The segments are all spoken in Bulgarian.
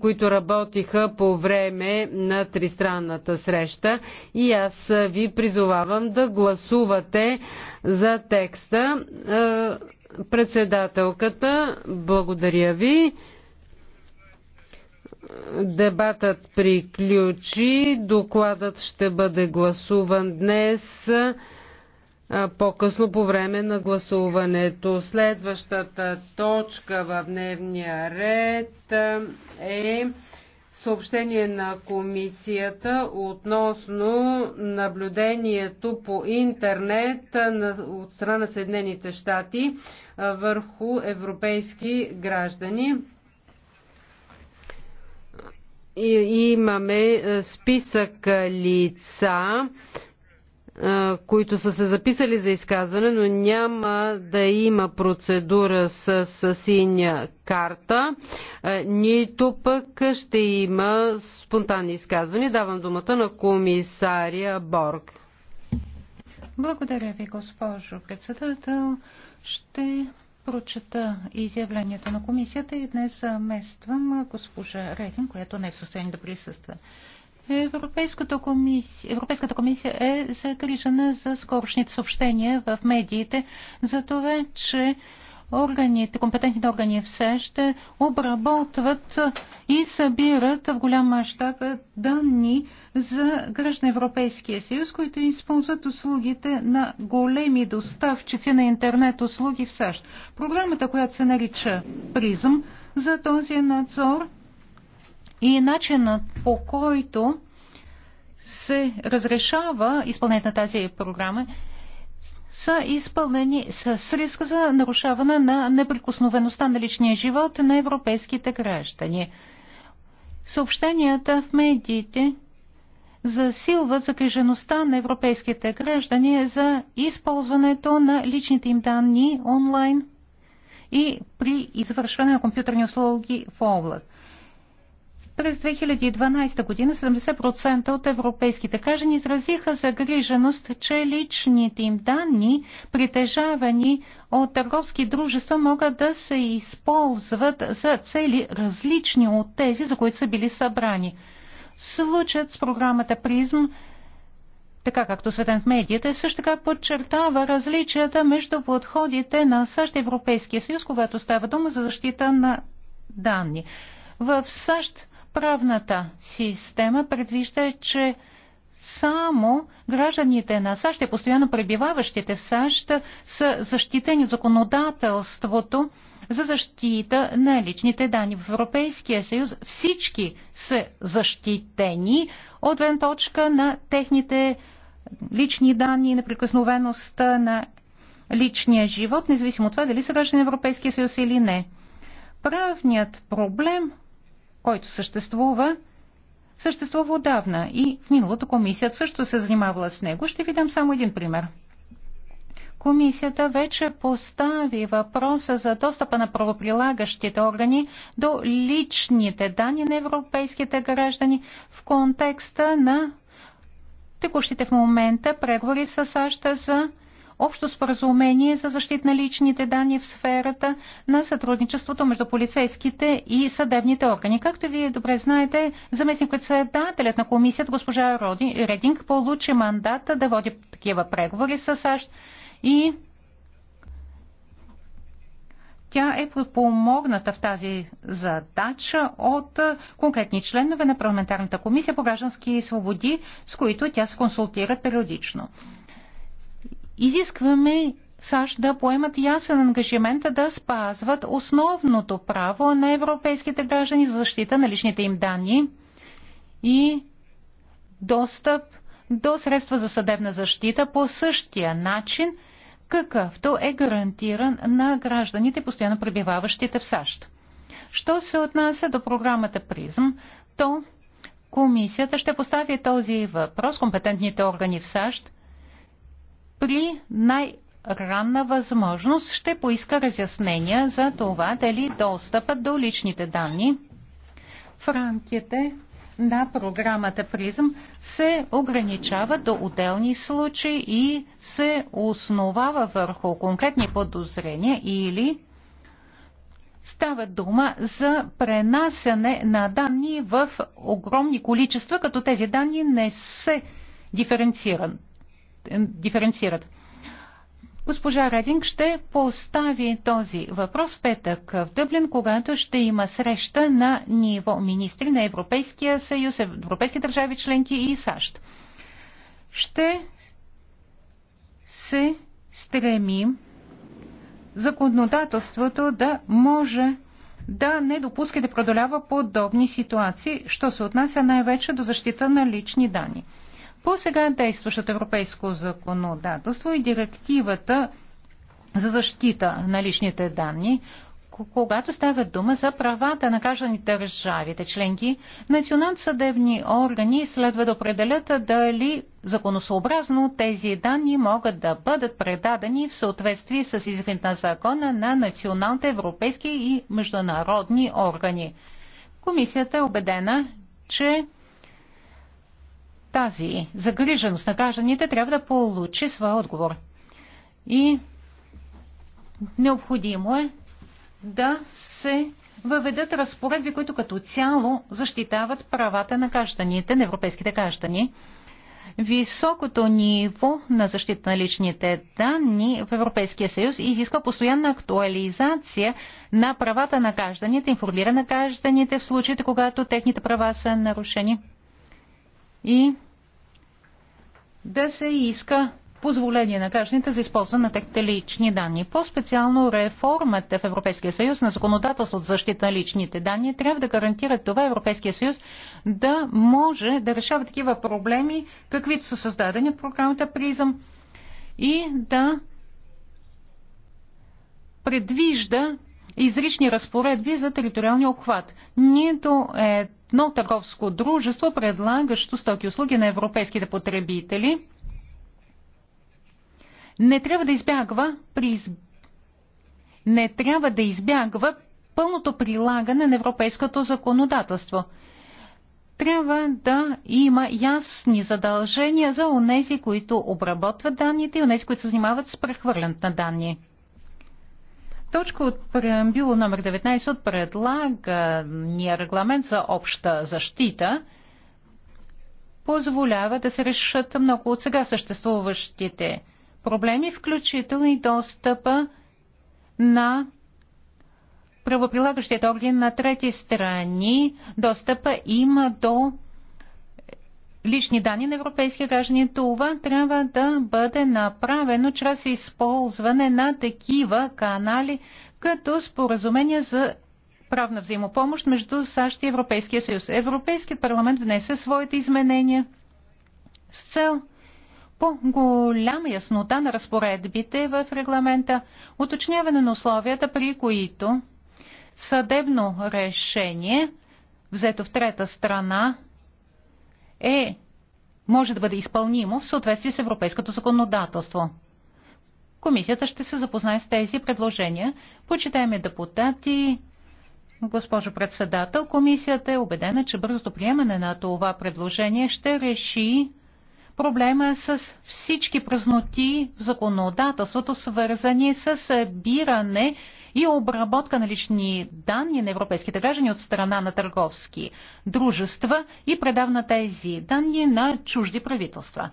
които работиха по време на тристранната среща и аз ви призовавам да гласувате за текста. Е, председателката, благодаря ви. Дебатът приключи. Докладът ще бъде гласуван днес по-късно по време на гласуването. Следващата точка в дневния ред е съобщение на комисията относно наблюдението по интернет от страна на Съединените щати върху европейски граждани. И имаме списък лица, които са се записали за изказване, но няма да има процедура с, синя карта, нито пък ще има спонтанни изказвания. Давам думата на комисария Борг. Благодаря ви, госпожо председател. Ще прочета изявлението на комисията и днес замествам госпожа Редин, която не е в състояние да присъства. Европейската комисия, Европейската комисия е загрижена за скорошните съобщения в медиите за това, че органите, компетентните органи в САЩ обработват и събират в голям мащаб данни за граждан Европейския съюз, които използват услугите на големи доставчици на интернет услуги в САЩ. Програмата, която се нарича Призъм, за този надзор и начинът по който се разрешава изпълнението на тази програма са изпълнени с риск за нарушаване на неприкосновеността на личния живот на европейските граждани. Съобщенията в медиите засилват загрижеността на европейските граждани за използването на личните им данни онлайн и при извършване на компютърни услуги в облак. През 2012 година 70% от европейските граждани изразиха загриженост, че личните им данни, притежавани от търговски дружества, могат да се използват за цели различни от тези, за които са били събрани. Случат с програмата Призм така както светен в медията, също така подчертава различията между подходите на САЩ и Европейския съюз, когато става дума за защита на данни. В САЩ правната система предвижда, че само гражданите на САЩ и постоянно пребиваващите в САЩ са защитени от законодателството за защита на личните данни. В Европейския съюз всички са защитени от гледна точка на техните лични данни и неприкосновеността на личния живот, независимо от това дали са граждани на Европейския съюз или не. Правният проблем който съществува, съществува отдавна и в миналото комисията също се занимавала с него. Ще ви дам само един пример. Комисията вече постави въпроса за достъпа на правоприлагащите органи до личните данни на европейските граждани в контекста на текущите в момента преговори с САЩ за общо споразумение за защита на личните данни в сферата на сътрудничеството между полицейските и съдебните органи. Както вие добре знаете, заместник-председателят на комисията госпожа Роди, Рединг получи мандата да води такива преговори с САЩ и тя е подпомогната в тази задача от конкретни членове на парламентарната комисия по граждански свободи, с които тя се консултира периодично изискваме САЩ да поемат ясен ангажимент да спазват основното право на европейските граждани за защита на личните им данни и достъп до средства за съдебна защита по същия начин, какъвто е гарантиран на гражданите, постоянно пребиваващите в САЩ. Що се отнася до програмата Призм, то комисията ще постави този въпрос компетентните органи в САЩ при най- ранна възможност ще поиска разяснения за това дали достъпът до личните данни в рамките на програмата Призм се ограничава до отделни случаи и се основава върху конкретни подозрения или става дума за пренасяне на данни в огромни количества, като тези данни не се диференцират диференцират. Госпожа Рединг ще постави този въпрос в петък в Дъблин, когато ще има среща на ниво министри на Европейския съюз, Европейски държави членки и САЩ. Ще се стремим законодателството да може да не допуска да продолява подобни ситуации, що се отнася най-вече до защита на лични данни по сега действащото европейско законодателство и директивата за защита на личните данни, когато става дума за правата на гражданите държавите членки, националните съдебни органи следва да определят дали законосообразно тези данни могат да бъдат предадени в съответствие с изискването на закона на националните европейски и международни органи. Комисията е убедена, че тази загриженост на гражданите трябва да получи своя отговор. И необходимо е да се въведат разпоредби, които като цяло защитават правата на гражданите, на европейските граждани. Високото ниво на защита на личните данни в Европейския съюз изисква постоянна актуализация на правата на гражданите, информира на гражданите в случаите, когато техните права са нарушени. И да се иска позволение на гражданите за използване на техните лични данни. По-специално реформата в Европейския съюз на законодателството за защита на личните данни трябва да гарантира това Европейския съюз да може да решава такива проблеми, каквито са създадени от програмата Призъм и да предвижда изрични разпоредби за териториалния обхват. Нито е но търговско дружество, предлагащо стоки и услуги на европейските потребители, не трябва да избягва при не трябва да избягва пълното прилагане на европейското законодателство. Трябва да има ясни задължения за онези, които обработват данните и онези, които се занимават с прехвърлянето на данни. Точка от преамбюла номер 19 от предлагания регламент за обща защита позволява да се решат много от сега съществуващите проблеми, включително и достъпа на правоприлагащият орган на трети страни достъпа има до лични данни на европейски граждани. Това трябва да бъде направено чрез използване на такива канали, като споразумения за правна взаимопомощ между САЩ и Европейския съюз. Европейският парламент внесе своите изменения с цел по-голяма яснота на разпоредбите в регламента, уточняване на условията, при които съдебно решение, взето в трета страна, е, може да бъде изпълнимо в съответствие с европейското законодателство. Комисията ще се запознае с тези предложения. Почитаеми депутати, госпожо председател, комисията е убедена, че бързото приемане на това предложение ще реши проблема с всички празноти в законодателството, свързани с събиране и обработка на лични данни на европейските граждани от страна на търговски дружества и предав на тези данни на чужди правителства.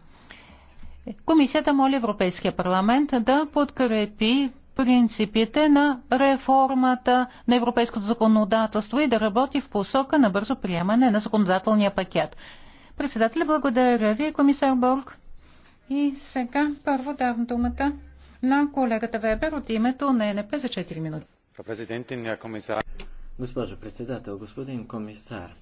Комисията моли Европейския парламент да подкрепи принципите на реформата на европейското законодателство и да работи в посока на бързо приемане на законодателния пакет. Председателя, благодаря ви, комисар Борг. И сега първо давам думата на колегата Вебер от името на ЕНП за 4 минути. Госпожо председател, господин комисар,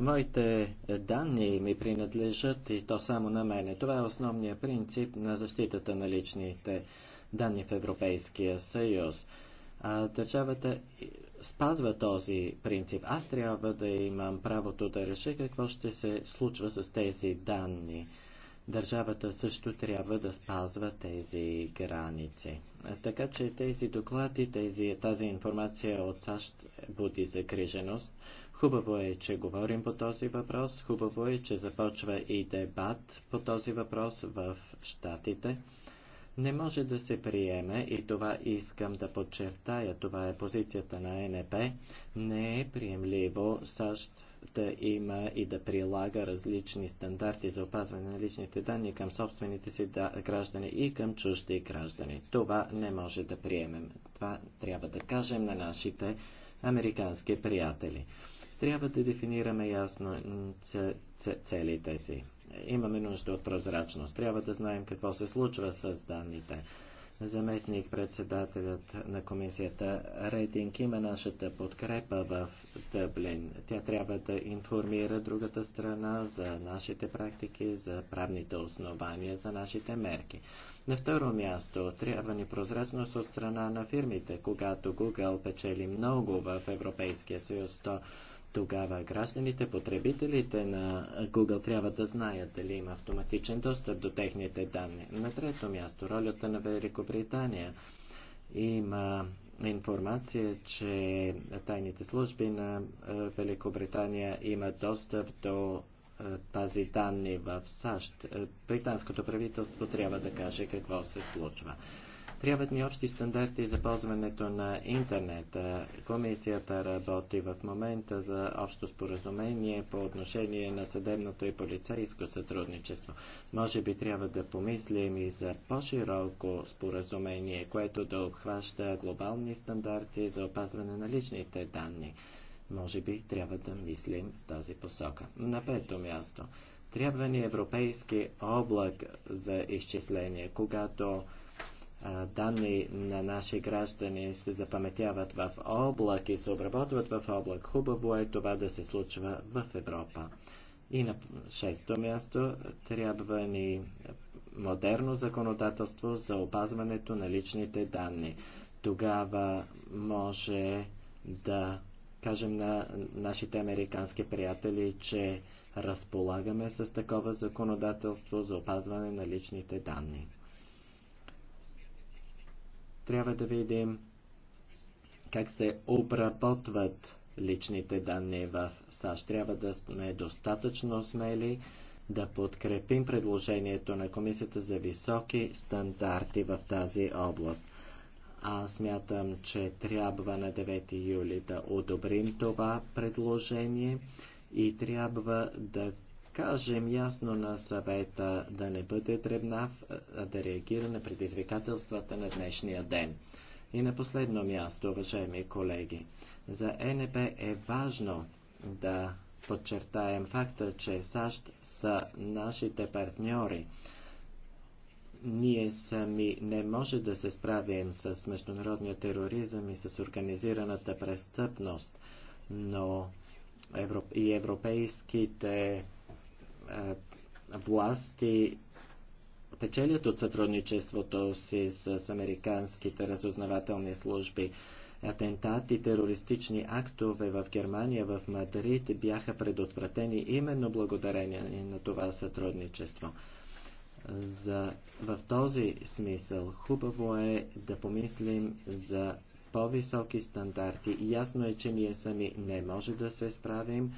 моите данни ми принадлежат и то само на мене. Това е основният принцип на защитата на личните данни в Европейския съюз. А, държавата спазва този принцип. Аз трябва да имам правото да реша какво ще се случва с тези данни. Държавата също трябва да спазва тези граници. Така че тези доклади, тези, тази информация от САЩ буди загриженост. Хубаво е, че говорим по този въпрос. Хубаво е, че започва и дебат по този въпрос в Штатите. Не може да се приеме, и това искам да подчертая, това е позицията на НП, не е приемливо САЩ да има и да прилага различни стандарти за опазване на личните данни към собствените си граждани и към чужди граждани. Това не може да приемем. Това трябва да кажем на нашите американски приятели. Трябва да дефинираме ясно целите си. Имаме нужда от прозрачност. Трябва да знаем какво се случва с данните заместник председателят на комисията Рейтинг има нашата подкрепа в Дъблин. Тя трябва да информира другата страна за нашите практики, за правните основания, за нашите мерки. На второ място трябва ни прозрачност от страна на фирмите. Когато Google печели много в Европейския съюз, то тогава гражданите, потребителите на Google трябва да знаят дали има автоматичен достъп до техните данни. На трето място, ролята на Великобритания. Има информация, че тайните служби на е, Великобритания имат достъп до е, тази данни в САЩ. Е, британското правителство трябва да каже какво се случва. Трябват ни общи стандарти за ползването на интернет. Комисията работи в момента за общо споразумение по отношение на съдебното и полицейско сътрудничество. Може би трябва да помислим и за по-широко споразумение, което да обхваща глобални стандарти за опазване на личните данни. Може би трябва да мислим в тази посока. На пето място. Трябва ни европейски облак за изчисление, когато данни на наши граждани се запаметяват в облак и се обработват в облак. Хубаво е това да се случва в Европа. И на шесто място трябва ни модерно законодателство за опазването на личните данни. Тогава може да кажем на нашите американски приятели, че разполагаме с такова законодателство за опазване на личните данни. Трябва да видим как се обработват личните данни в САЩ. Трябва да сме достатъчно смели да подкрепим предложението на Комисията за високи стандарти в тази област. Аз смятам, че трябва на 9 юли да одобрим това предложение и трябва да кажем ясно на съвета да не бъде дребнав, а да реагира на предизвикателствата на днешния ден. И на последно място, уважаеми колеги, за ЕНП е важно да подчертаем факта, че САЩ са нашите партньори. Ние сами не може да се справим с международния тероризъм и с организираната престъпност, но и европейските власти печелят от сътрудничеството си с американските разузнавателни служби. Атентати, терористични актове в Германия, в Мадрид бяха предотвратени именно благодарение на това сътрудничество. За, в този смисъл хубаво е да помислим за по-високи стандарти. Ясно е, че ние сами не може да се справим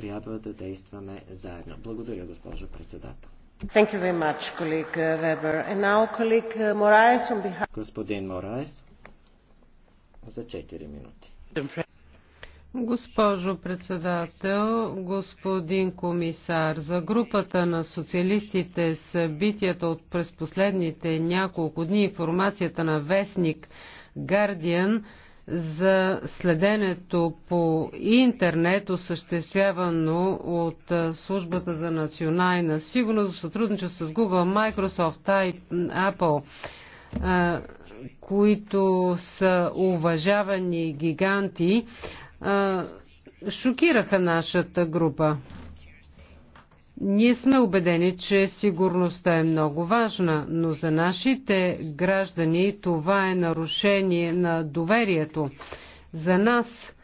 трябва да действаме заедно. Благодаря, госпожо председател. Thank you very much, colleague uh, Weber. And now, colleague uh, Moraes, on behalf... Господин Мораес, за 4 минути. Госпожо председател, господин комисар, за групата на социалистите събитията от през последните няколко дни информацията на вестник Guardian – за следенето по интернет, осъществявано от Службата за национална сигурност, в сътрудничество с Google, Microsoft, Apple, които са уважавани гиганти, шокираха нашата група. Ние сме убедени, че сигурността е много важна, но за нашите граждани това е нарушение на доверието. За нас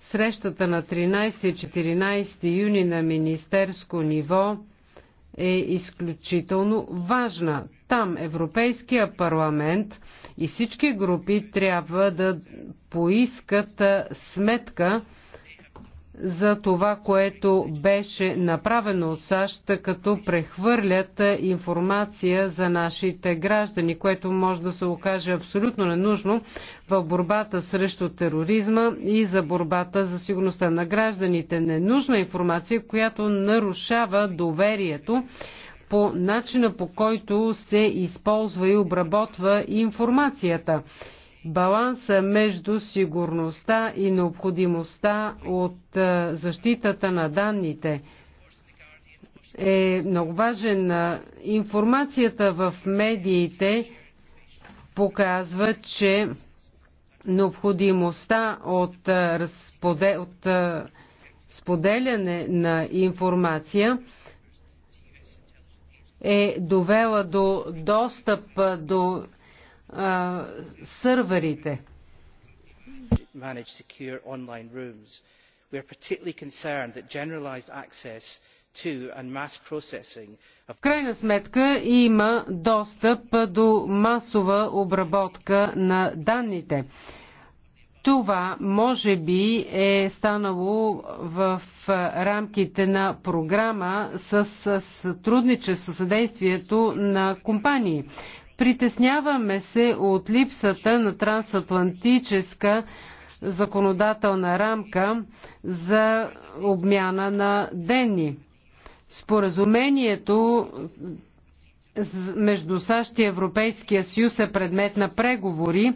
срещата на 13 и 14 юни на министерско ниво е изключително важна. Там Европейския парламент и всички групи трябва да поискат сметка за това, което беше направено от САЩ, като прехвърлят информация за нашите граждани, което може да се окаже абсолютно ненужно в борбата срещу тероризма и за борбата за сигурността на гражданите. Ненужна информация, която нарушава доверието по начина по който се използва и обработва информацията баланса между сигурността и необходимостта от е, защитата на данните е много важен. Е, информацията в медиите показва, че необходимостта от, е, разподе, от споделяне на информация е довела до достъп до сървърите. в крайна сметка има достъп до масова обработка на данните. Това може би е станало в рамките на програма с сътрудничество, съдействието на компании. Притесняваме се от липсата на трансатлантическа законодателна рамка за обмяна на денни. Споразумението между САЩ и Европейския съюз е предмет на преговори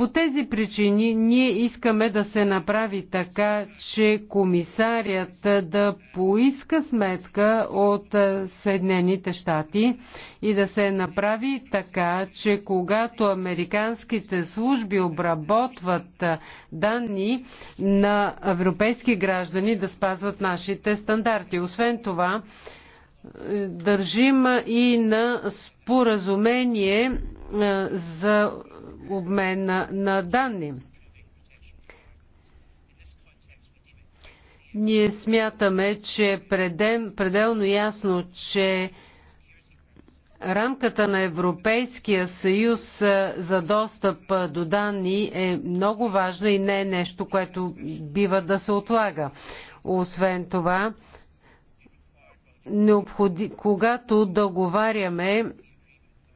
по тези причини ние искаме да се направи така, че комисарият да поиска сметка от е, Съединените щати и да се направи така, че когато американските служби обработват е, данни на европейски граждани да спазват нашите стандарти. Освен това, е, държим и на споразумение за обмен на, на данни. Ние смятаме, че пределно ясно, че рамката на Европейския съюз за достъп до данни е много важна и не е нещо, което бива да се отлага. Освен това, необходи... когато договаряме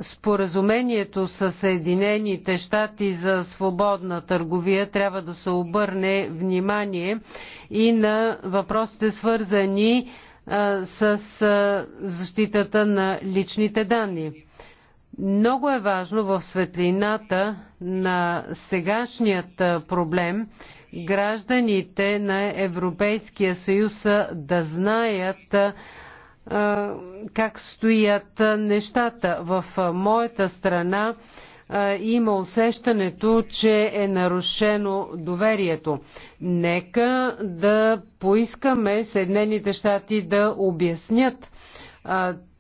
споразумението с Съединените щати за свободна търговия трябва да се обърне внимание и на въпросите свързани с защитата на личните данни. Много е важно в светлината на сегашният проблем гражданите на Европейския съюз да знаят как стоят нещата. В моята страна има усещането, че е нарушено доверието. Нека да поискаме Съединените щати да обяснят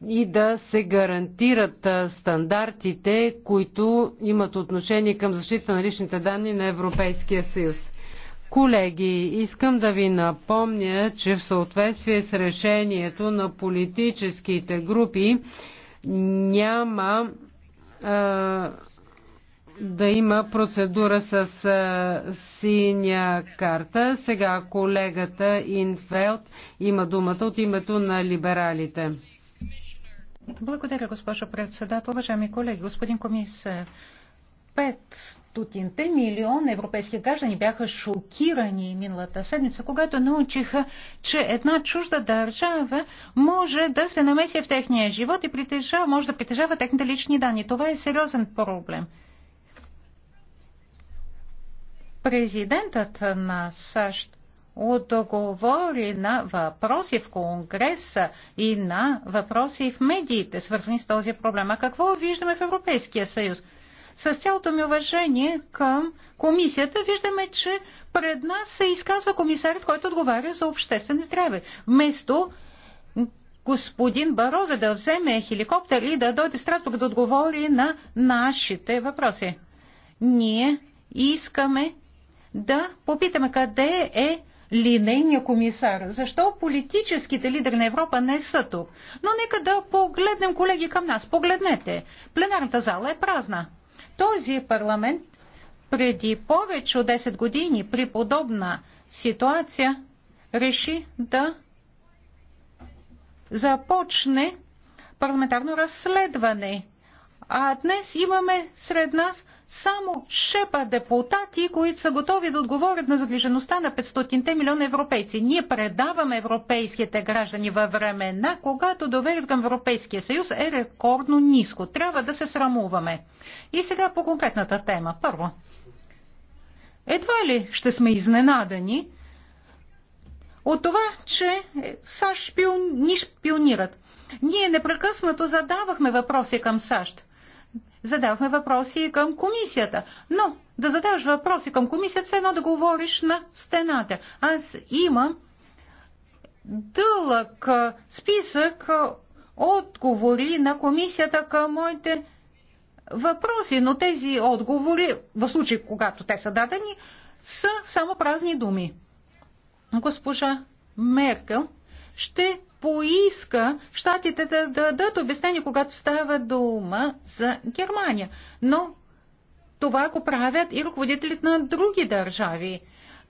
и да се гарантират стандартите, които имат отношение към защита на личните данни на Европейския съюз. Колеги, искам да ви напомня, че в съответствие с решението на политическите групи няма а, да има процедура с а, синя карта. Сега колегата Инфелд има думата от името на либералите. Благодаря, госпожо председател. Уважаеми колеги, господин комисар, 500 милион европейски граждани бяха шокирани миналата седмица, когато научиха, че една чужда държава може да се намеси в техния живот и притежава, може да притежава техните лични данни. Това е сериозен проблем. Президентът на САЩ отговори на въпроси в Конгреса и на въпроси в медиите, свързани с този проблем. А какво виждаме в Европейския съюз? С цялото ми уважение към комисията виждаме, че пред нас се изказва комисарът, който отговаря за обществено здраве. Вместо господин Бароза да вземе хеликоптер и да дойде в Страсбург да отговори на нашите въпроси. Ние искаме да попитаме къде е линейния комисар. Защо политическите лидери на Европа не са тук? Но нека да погледнем, колеги, към нас. Погледнете. Пленарната зала е празна. Този парламент преди повече от 10 години при подобна ситуация реши да започне парламентарно разследване. А днес имаме сред нас само шепа депутати, които са готови да отговорят на загрижеността на 500-те милиона европейци. Ние предаваме европейските граждани във времена, когато доверят към Европейския съюз е рекордно ниско. Трябва да се срамуваме. И сега по конкретната тема. Първо. Едва ли ще сме изненадани от това, че САЩ шпион... ни шпионират. Ние непрекъснато задавахме въпроси към САЩ задавахме въпроси към комисията. Но да задаваш въпроси към комисията, все едно да говориш на стената. Аз имам дълъг списък отговори на комисията към моите въпроси, но тези отговори, в случай когато те са дадени, са само празни думи. Госпожа Меркел ще поиска щатите да дадат обяснение, когато става дума за Германия. Но това го правят и ръководителите на други държави.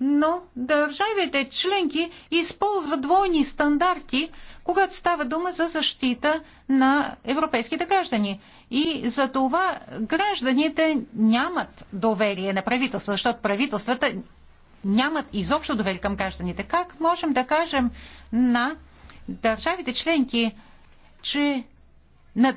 Но държавите членки използват двойни стандарти, когато става дума за защита на европейските граждани. И за това гражданите нямат доверие на правителство, защото правителствата нямат изобщо доверие към гражданите. Как можем да кажем на държавите членки, че на,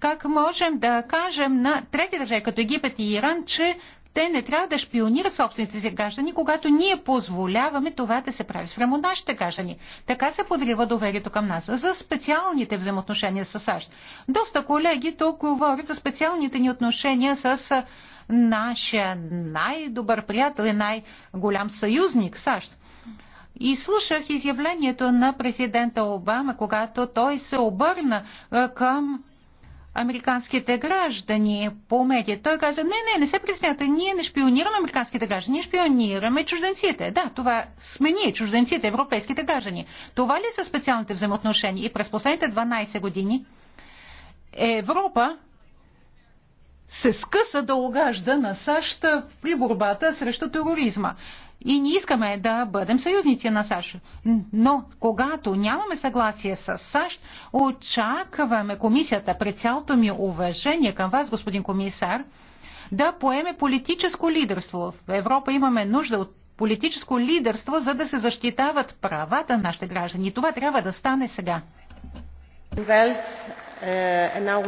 как можем да кажем на трети държави, като Египет и Иран, че те не трябва да шпионират собствените си граждани, когато ние позволяваме това да се прави спрямо нашите граждани. Така се подрива доверието към нас. За специалните взаимоотношения с САЩ. Доста колеги тук говорят за специалните ни отношения с нашия най-добър приятел и най-голям съюзник САЩ. И слушах изявлението на президента Обама, когато той се обърна към американските граждани по медиа. Той каза, не, не, не се притеснявате, ние не шпионираме американските граждани, ние шпионираме чужденците. Да, това сме ние, чужденците, европейските граждани. Това ли са специалните взаимоотношения? И през последните 12 години Европа се скъса да огажда на САЩ при борбата срещу тероризма и ние искаме да бъдем съюзници на САЩ. Но когато нямаме съгласие с САЩ, очакваме комисията, при цялото ми уважение към вас, господин комисар, да поеме политическо лидерство. В Европа имаме нужда от политическо лидерство, за да се защитават правата на нашите граждани. това трябва да стане сега. Е,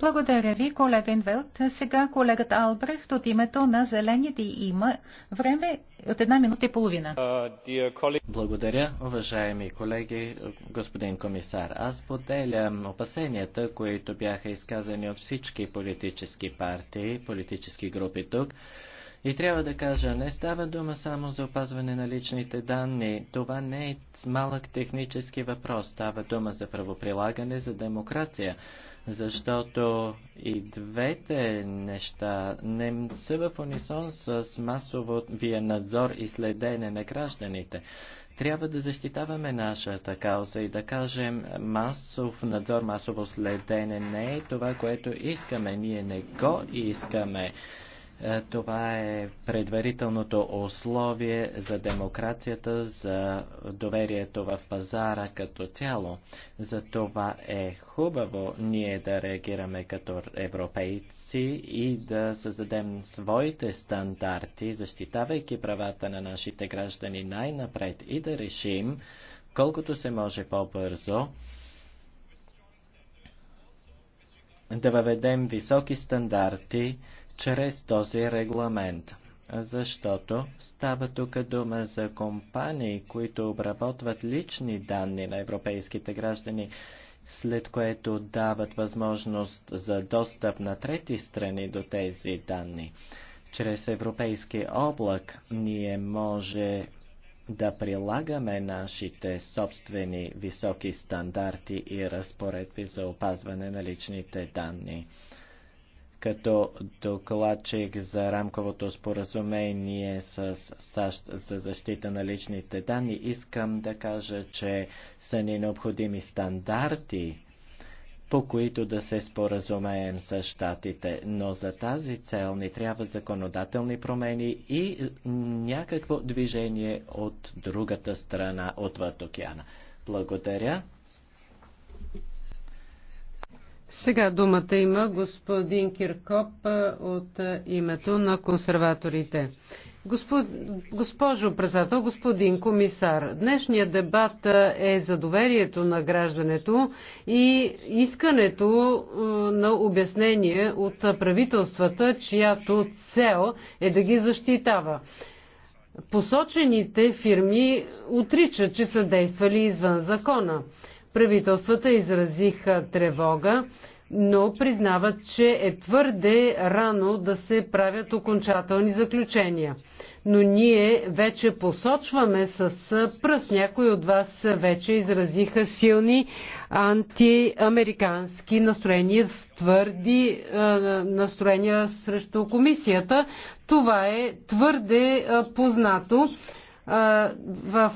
Благодаря ви, колега Инвелт. Сега колегата Албрехт от името на Зелените има време от една минута и половина. Благодаря, уважаеми колеги, господин комисар. Аз поделям опасенията, които бяха изказани от всички политически партии, политически групи тук. И трябва да кажа, не става дума само за опазване на личните данни. Това не е малък технически въпрос. Става дума за правоприлагане, за демокрация. Защото и двете неща не са в унисон с масовия надзор и следене на гражданите трябва да защитаваме нашата кауза и да кажем масов надзор, масово следене не е това, което искаме. Ние не го искаме. Е, това е предварителното условие за демокрацията, за доверието в пазара като цяло. За това е хубаво ние да реагираме като европейци и да създадем своите стандарти, защитавайки правата на нашите граждани най-напред и да решим колкото се може по-бързо да въведем високи стандарти чрез този регламент. Защото става тук дума за компании, които обработват лични данни на европейските граждани, след което дават възможност за достъп на трети страни до тези данни. Чрез европейски облак ние може да прилагаме нашите собствени високи стандарти и разпоредби за опазване на личните данни като докладчик за рамковото споразумение с САЩ за защита на личните данни, искам да кажа, че са ни необходими стандарти, по които да се споразумеем с щатите, но за тази цел ни трябва законодателни промени и някакво движение от другата страна, отвъд океана. Благодаря. Сега думата има господин Киркоп от името на консерваторите. Господ... Госпожо председател, господин комисар, днешният дебат е за доверието на граждането и искането на обяснение от правителствата, чиято цел е да ги защитава. Посочените фирми отричат, че са действали извън закона. Правителствата изразиха тревога, но признават, че е твърде рано да се правят окончателни заключения. Но ние вече посочваме с пръст. Някои от вас вече изразиха силни антиамерикански настроения, твърди настроения срещу комисията. Това е твърде познато в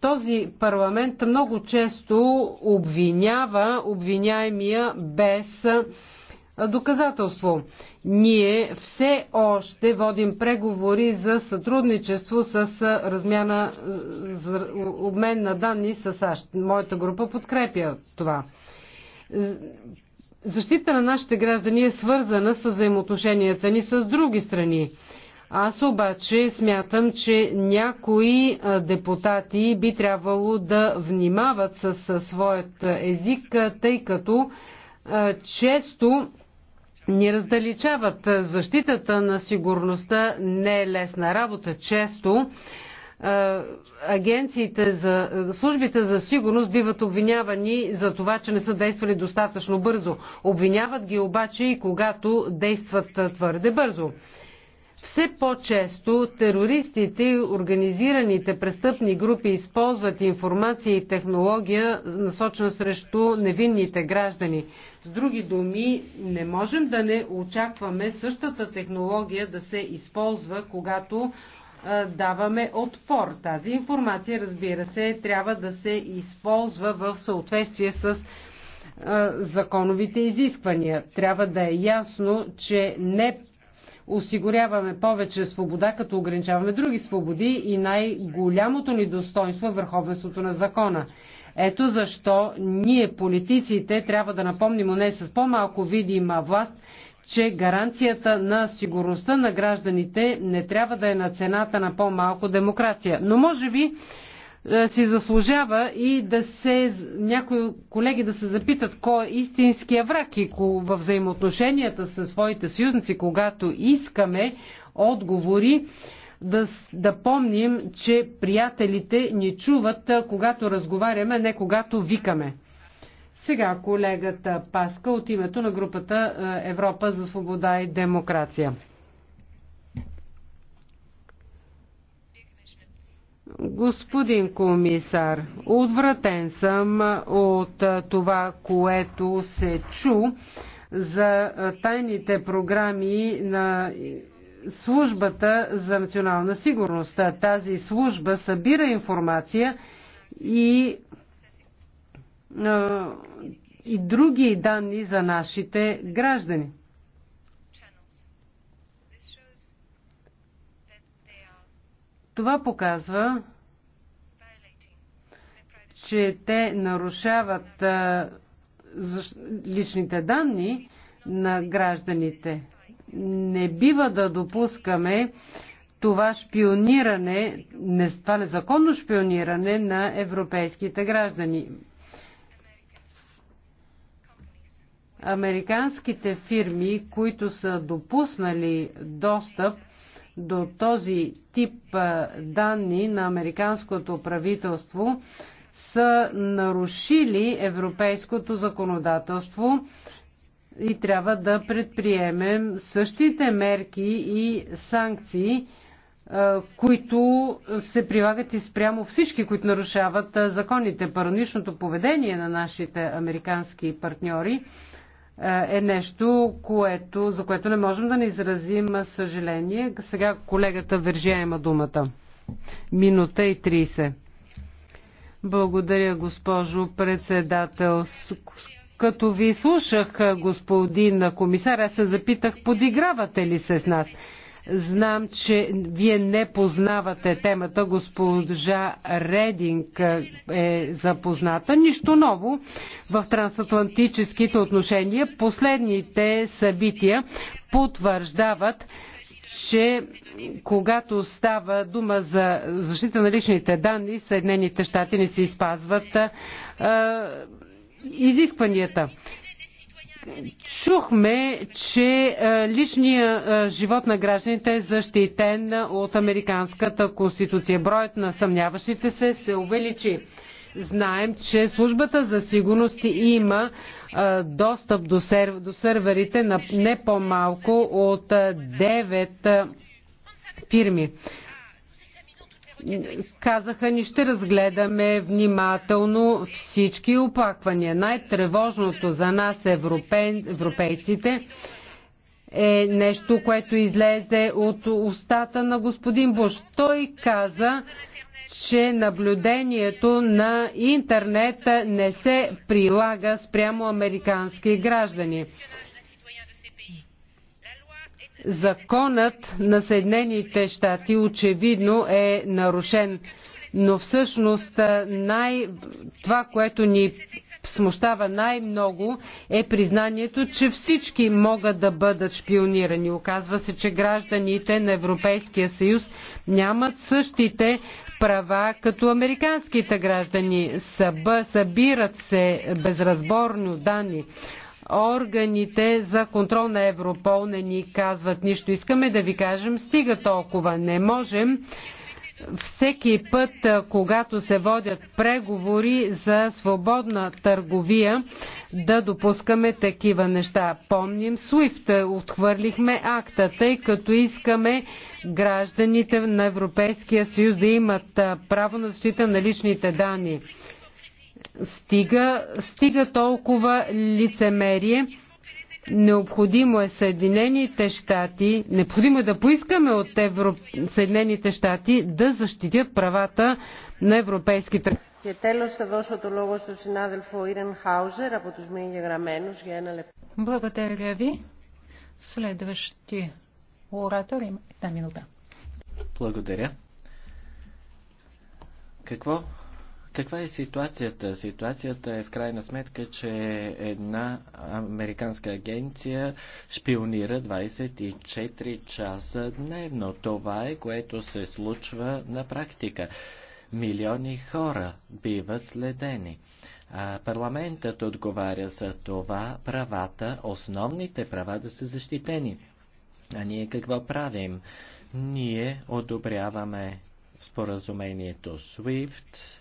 този парламент много често обвинява обвиняемия без доказателство. Ние все още водим преговори за сътрудничество с размяна, за обмен на данни с САЩ. Моята група подкрепя това. Защита на нашите граждани е свързана с взаимоотношенията ни с други страни. Аз обаче смятам, че някои депутати би трябвало да внимават със своят език, тъй като често ни раздалечават. Защитата на сигурността не е лесна работа. Често агенциите за службите за сигурност биват обвинявани за това, че не са действали достатъчно бързо. Обвиняват ги обаче и когато действат твърде бързо. Все по-често терористите и организираните престъпни групи използват информация и технология, насочена срещу невинните граждани. С други думи, не можем да не очакваме същата технология да се използва, когато даваме отпор. Тази информация, разбира се, трябва да се използва в съответствие с законовите изисквания. Трябва да е ясно, че не осигуряваме повече свобода, като ограничаваме други свободи и най-голямото ни достоинство е върховенството на закона. Ето защо ние, политиците, трябва да напомним не с по-малко видима власт, че гаранцията на сигурността на гражданите не трябва да е на цената на по-малко демокрация. Но може би е, си заслужава и да се, някои колеги да се запитат кой е истинския враг и във взаимоотношенията със своите съюзници, когато искаме отговори, да, да помним, че приятелите ни чуват, е, когато разговаряме, не когато викаме. Сега колегата Паска от името на групата е, Европа за свобода и демокрация. Господин комисар, отвратен съм от това, което се чу за тайните програми на службата за национална сигурност. Тази служба събира информация и, и други данни за нашите граждани. Това показва, че те нарушават личните данни на гражданите. Не бива да допускаме това шпиониране, това незаконно шпиониране на европейските граждани. Американските фирми, които са допуснали достъп до този тип данни на американското правителство са нарушили европейското законодателство и трябва да предприемем същите мерки и санкции, които се прилагат и спрямо всички, които нарушават законите. Параничното поведение на нашите американски партньори е нещо, което, за което не можем да не изразим съжаление. Сега колегата Вержия има думата. Минута и 30. Благодаря, госпожо председател. Като ви слушах, господин комисар, аз се запитах, подигравате ли се с нас? Знам, че вие не познавате темата. Госпожа Рединг е, е запозната. Нищо ново в трансатлантическите отношения. Последните събития потвърждават, че когато става дума за защита на личните данни, Съединените щати не си спазват е, е, изискванията. Чухме, че е, личният е, живот на гражданите е защитен от Американската конституция. Броят на съмняващите се се увеличи. Знаем, че службата за сигурност има е, достъп до, серв... до серверите на не по-малко от 9 фирми казаха ни ще разгледаме внимателно всички оплаквания. Най-тревожното за нас европей, европейците е нещо, което излезе от устата на господин Буш. Той каза, че наблюдението на интернет не се прилага спрямо американски граждани. Законът на Съединените щати очевидно е нарушен, но всъщност най... това, което ни смущава най-много е признанието, че всички могат да бъдат шпионирани. Оказва се, че гражданите на Европейския съюз нямат същите права като американските граждани. събират се безразборно данни органите за контрол на Европол не ни казват нищо. Искаме да ви кажем, стига толкова. Не можем всеки път, когато се водят преговори за свободна търговия, да допускаме такива неща. Помним SWIFT, отхвърлихме акта, тъй като искаме гражданите на Европейския съюз да имат право на защита на личните данни. Стига, стига толкова лицемерие. Необходимо е Съединените щати, необходимо е да поискаме от Евро... Съединените щати да защитят правата на европейските. Και τέλος θα δώσω το λόγο στον συνάδελφο Ιρεν Χάουζερ από τους μη εγγεγραμμένους για ένα λεπτό. Благодаря ви. Следващи оратор има една минута. Благодаря. Какво каква е ситуацията? Ситуацията е в крайна сметка, че една американска агенция шпионира 24 часа дневно. Това е което се случва на практика. Милиони хора биват следени. А парламентът отговаря за това правата, основните права да са защитени. А ние какво правим? Ние одобряваме споразумението SWIFT,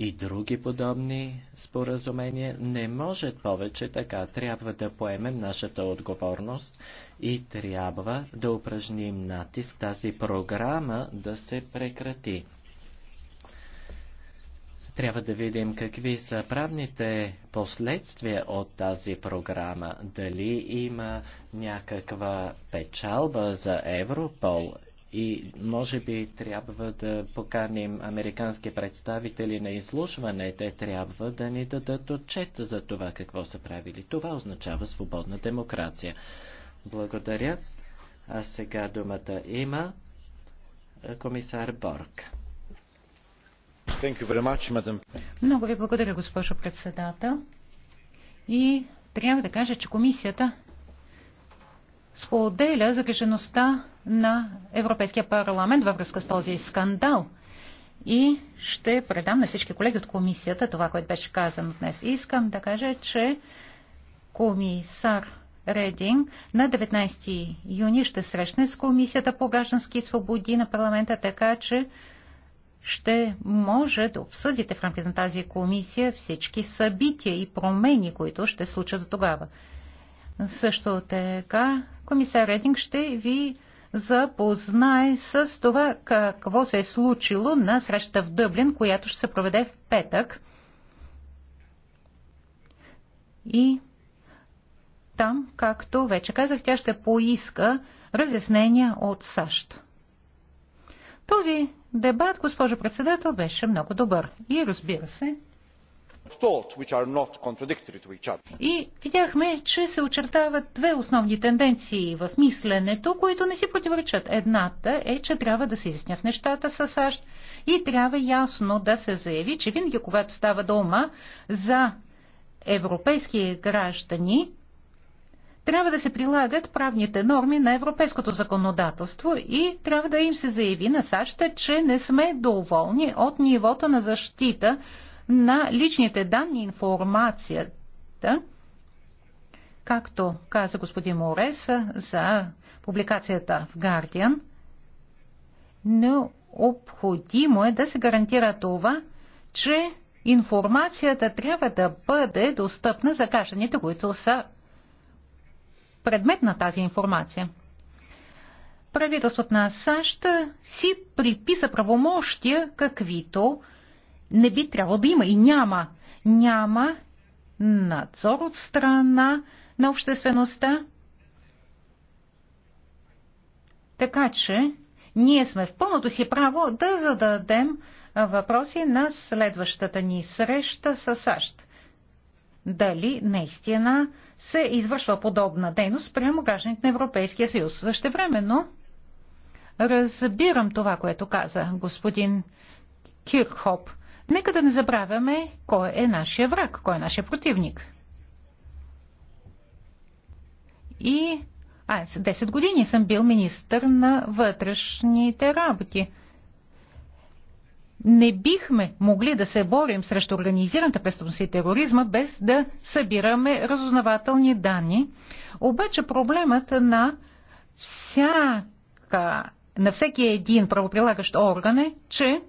и други подобни споразумения. Не може повече така. Трябва да поемем нашата отговорност и трябва да упражним натиск тази програма да се прекрати. Трябва да видим какви са правните последствия от тази програма. Дали има някаква печалба за Европол и може би трябва да поканим американски представители на изслушване. Те трябва да ни дадат отчет за това какво са правили. Това означава свободна демокрация. Благодаря. А сега думата има комисар Борг. Much, Много ви благодаря, госпожо председател. И трябва да кажа, че комисията споделя загрижеността на Европейския парламент във връзка с този скандал и ще предам на всички колеги от комисията това, което беше казано днес. Искам да кажа, че комисар Рединг на 19 юни ще срещне с Комисията по граждански свободи на парламента, така че ще може да обсъдите в рамките на тази комисия всички събития и промени, които ще случат до тогава. Също така, комисар Рединг ще ви запознае с това какво се е случило на среща в Дъблин, която ще се проведе в петък. И там, както вече казах, тя ще поиска разяснения от САЩ. Този дебат, госпожо председател, беше много добър. И разбира се, и видяхме, че се очертават две основни тенденции в мисленето, които не си противоречат. Едната е, че трябва да се изяснят нещата с САЩ и трябва ясно да се заяви, че винаги когато става дома за европейски граждани, трябва да се прилагат правните норми на европейското законодателство и трябва да им се заяви на САЩ, че не сме доволни от нивото на защита, на личните данни и информацията, както каза господин Морес за публикацията в Guardian, необходимо е да се гарантира това, че информацията трябва да бъде достъпна за гражданите, които са предмет на тази информация. Правителството на САЩ си приписа правомощия, каквито не би трябвало да има и няма. Няма надзор от страна на обществеността. Така че ние сме в пълното си право да зададем въпроси на следващата ни среща с САЩ. Дали наистина се извършва подобна дейност прямо гражданите на Европейския съюз. Същевременно разбирам това, което каза господин Кирхоп. Нека да не забравяме кой е нашия враг, кой е нашия противник. И аз 10 години съм бил министър на вътрешните работи. Не бихме могли да се борим срещу организираната престъпност и тероризма без да събираме разузнавателни данни. Обаче проблемът на всяка на всеки един правоприлагащ орган е, че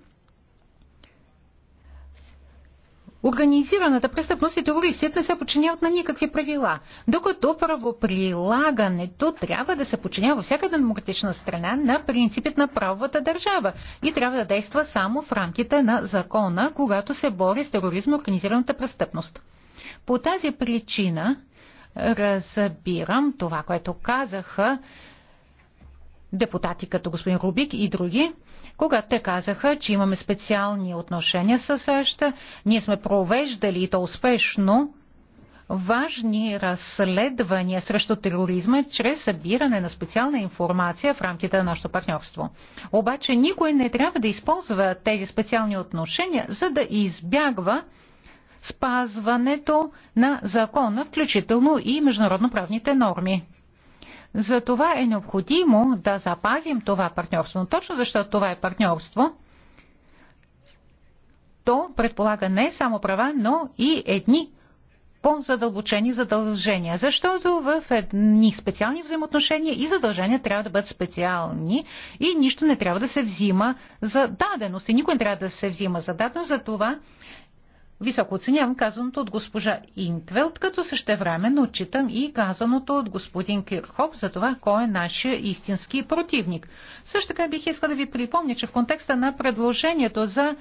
Организираната престъпност и терористите не се подчиняват на никакви правила, докато правоприлагането трябва да се подчинява във всяка демократична страна на принципите на правовата държава и трябва да действа само в рамките на закона, когато се бори с тероризма и организираната престъпност. По тази причина разбирам това, което казаха депутати като господин Рубик и други, когато те казаха, че имаме специални отношения с САЩ, ние сме провеждали и то успешно важни разследвания срещу тероризма чрез събиране на специална информация в рамките на нашето партньорство. Обаче никой не трябва да използва тези специални отношения, за да избягва спазването на закона, включително и международноправните норми. За това е необходимо да запазим това партньорство. Но точно защото това е партньорство, то предполага не само права, но и едни по-задълбочени задължения. Защото в едни специални взаимоотношения и задължения трябва да бъдат специални и нищо не трябва да се взима за даденост. И никой не трябва да се взима за даденост. За това Високо оценявам казаното от госпожа Интвелт, като същевременно отчитам и казаното от господин Кирхов за това, кой е нашия истински противник. Също така бих искал да ви припомня, че в контекста на предложението за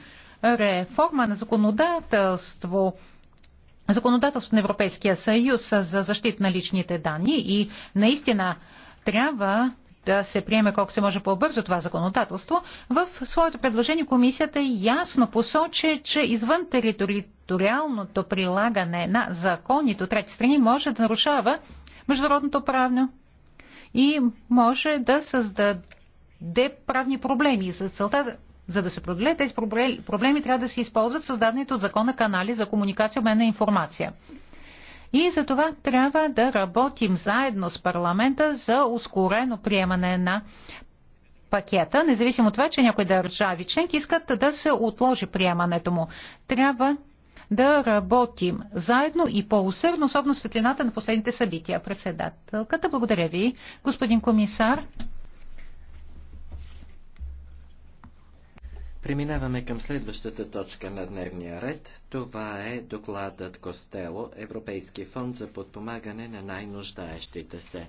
реформа на законодателство законодателство на Европейския съюз за защита на личните данни и наистина трябва да се приеме колко се може по-бързо това законодателство, в своето предложение комисията ясно посочи, че извън териториалното прилагане на законите от трети страни може да нарушава международното правно и може да създаде правни проблеми. За целта за да се преодолеят тези проблеми, трябва да се използват създадените от закона канали за комуникация, обмен на информация. И за това трябва да работим заедно с парламента за ускорено приемане на пакета, независимо от това, че някои държави членки искат да се отложи приемането му. Трябва да работим заедно и по-усърдно, особено светлината на последните събития. Председателката, благодаря ви, господин комисар. Преминаваме към следващата точка на дневния ред. Това е докладът Костело, Европейски фонд за подпомагане на най-нуждаещите се.